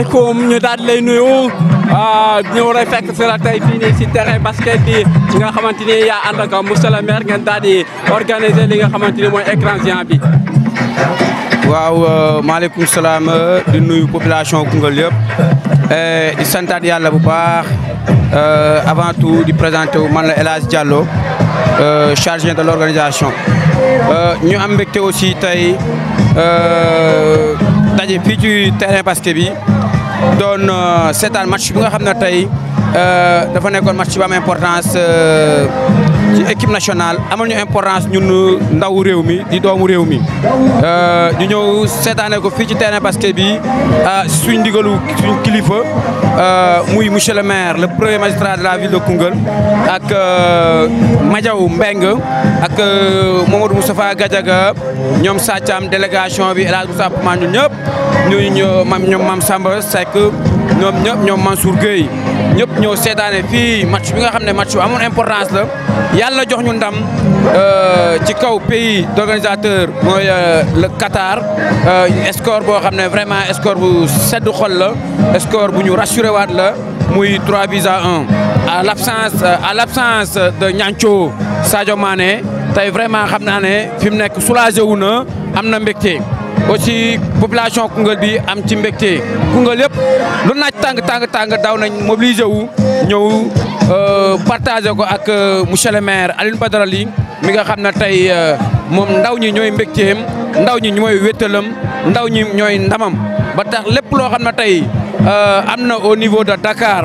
asalaamaaleykum ñu daal di lay nuyu ah, ñëw rek fekk si la tey fii terrain basket bi nga xamante ni yaa ànd ak monsieur le maire ngeen daal di organiser li nga xamante ni écran géant bi. waaw euh, maaleykum salaam euh, di nuyu population Koungheul yëpp eh, di santaat yàlla bu baax euh, avant tout di présenter wu man la El Hadj Diallo chargé de l'organisation ñu am mbégte aussi tey. euh, fii ci terrain basket bi doon euh, seetaan match bi nga xam na tey euh, dafa nekkoon match bu am importance euh, ci équipe nationale amal importance ñun ndaw réew mi di doomu réew mi euh, ñu ñëw seetaane ko fii ci terrain basket bi suñ ndigalu suñ kilifa euh, muy monsieur le maire le premier magistrat de la ville de Koungheul ak euh, Madiaw Mbengue ak Mamadou Moustapha Gadiaga ñoom Sathiam délégation bi El Hadj Moussa ñëpp ñooñu ñoom Mame Samba Seck. Nous ñop ñom Mansour Gueye ñop ñoo sétane fi match match importance la jox ñu euh, pays d'organisateur euh, le Qatar euh, score vraiment score bu 7 xol score bu 3 à 1 à l'absence de ñancho Sadio Mané vraiment xamna né fim nek aussi population Koungheul bi am ci mbégte Koungheul yëpp lu naaj tàng tàng tàng daaw nañ mobiliser wu ñëw euh, partagé ko ak euh, monsieur le maire Alioune Badara Ly mi nga xam ne tey euh, moom ndaw ñi ñooy mbégteem ndaw ñi ñooy wéttalam ndaw ñi ñooy ndamam ba tax lépp loo xam ne tey am na au niveau de Dakar.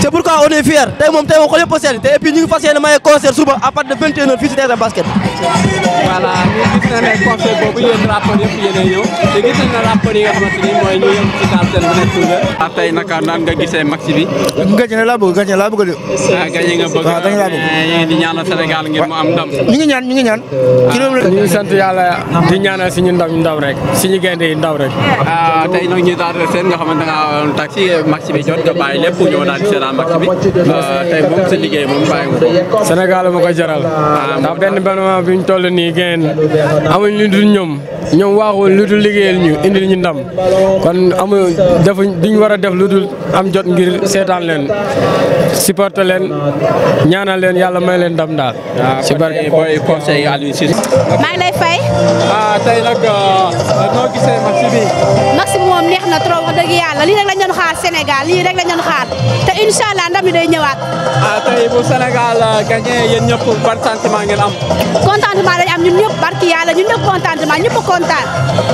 c'est pourquoi on est fier tey moom tey moom xol yëpp a seen te et puis ñu ngi fas maye concert suba à partir de 21 heures fii ci terrain basket. voilà ñu gis na ne concert boobu yéen rappeurs yëpp yéen a ñëw te gis nañ ne rappeurs yi nga xamante ni mooy ñu yëngu ci quartier bu nekk Koungheul. ah tey naka naan nga gisee max bi. gagné laa bëgg gagné laa bëgg de. ah gagné nga bëgg waaw gagné laa eh, bëgg. di ñaanal Sénégal ngir mu am ndam. ñu ngi ñaan ñu ngi ñaan. ñu sant yàlla di ñaanal suñu ndaw ndaw rek suñu gaynde yi ndaw rek. ah tey nag ñu daal seen nga xamante nga taxi max bi jot nga bàyyi lépp ñëw daal Général Macky bi tey moom sa liggéey moom bàyyi nga ko. Sénégal jaral. Ah, ndax benn benn moment bi ñu toll nii gën amuñ lu dul ñoom ñoom waaxul lu dul liggéeyal ñu indil ñu ndam kon amu defuñ duñ war a def lu dul am jot ngir seetaan leen supporter leen ñaanal leen yàlla may leen ndam daal. si ah, barke booy conseil Aliou Cissé. maa si moom neex na trop wax dëgg yàlla lii rek lañ doon xaar Sénégal lii rek lañ doon xaar te allah ndam li day ñëwaat. ah tey bu Sénégal ah, gagné yéen ñëpp ban sentiment ngeen am. contentement lañ am ñun ñëpp barki yàlla ñun ñëpp contentement ñëpp kontaan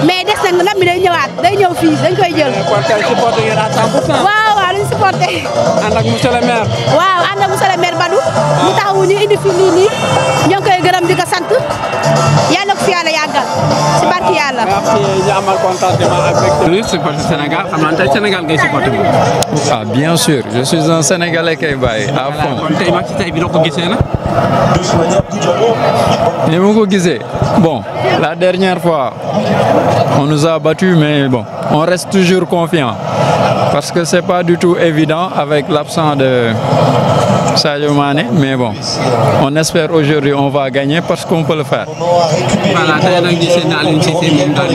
mais des na ndam bi day ñëwaat day ñëw fii dañ koy jël. Eh, kon kay supporté ngeen à 100% waaw waaw dañ supporté. ànd ak monsieur le maire. waaw ak monsieur le maire Badou. mu ñu indi koy di ko ah bien sûr je suis un Sénégalais qui est à fond. bon la dernière fois on nous a battus, mais bon on reste toujours confiant parce que c'est pas du tout évident avec l'absence de Sadio mais bon on espère aujourd'hui on va gagner parce qu'on peut le faire. Voilà,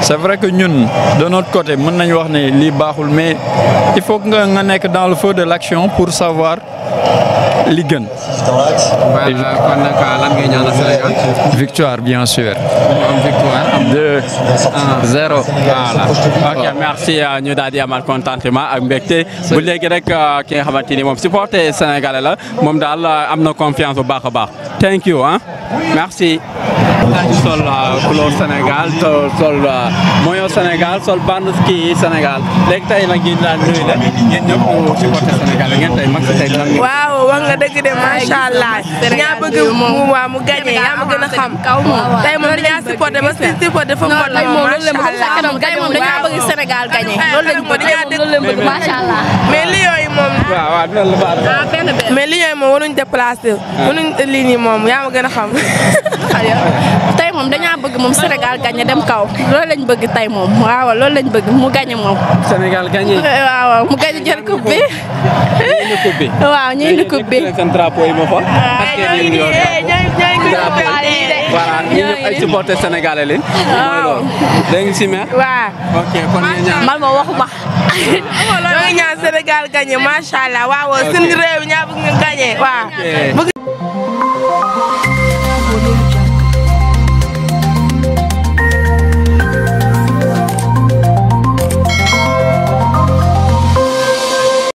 C'est vrai que nous, de notre côté, nous avons dit que c'est bon, mais il faut que nous soyons dans le feu de l'action pour savoir ce qui Victoire, bien sûr. Victoire. 2 0. Voilà. Ok, merci à nous d'avoir contenté. Vous voulez dire que nous avons supporté les Sénégalais. Nous euh, avons confiance au bas. Thank you. Hein? Merci. sol couleur Sénégal sol maillot Sénégal sol bande ski Sénégal léegi tey nag ñu daan nuyu leen yéen ñëpp ñu ci côté Sénégal ngeen tey mag si tey lan ngeen. waaw wax nga dëgg de macha allah ñaa bëgg mu waaw mu yaa ma gën a xam. tey moom dañaa supporté dafa mot la moom dañaa bëgg Sénégal gagné loolu lañ bëgg dañaa allah mais moom. mais li ñooy moom waruñ déplacé. Ah. waaw mënuñ lii nii moom yaa gën a xam. tey moom dañaa bëgg moom Sénégal gagné dem kaw loolu lañ bëgg tey moom waaw loolu lañ bëgg mu gagné moom. Sénégal gagné. waaw mu gagné jël coupe waaw ñuy indi coupe bi. voilà ñun ñëpp waaw dégg nga si waaw ok ma waxuma. ñoo ngi ñaan Sénégal gagné macha allah waaw suñu réew ñaa bëgg ñu gagné waaw.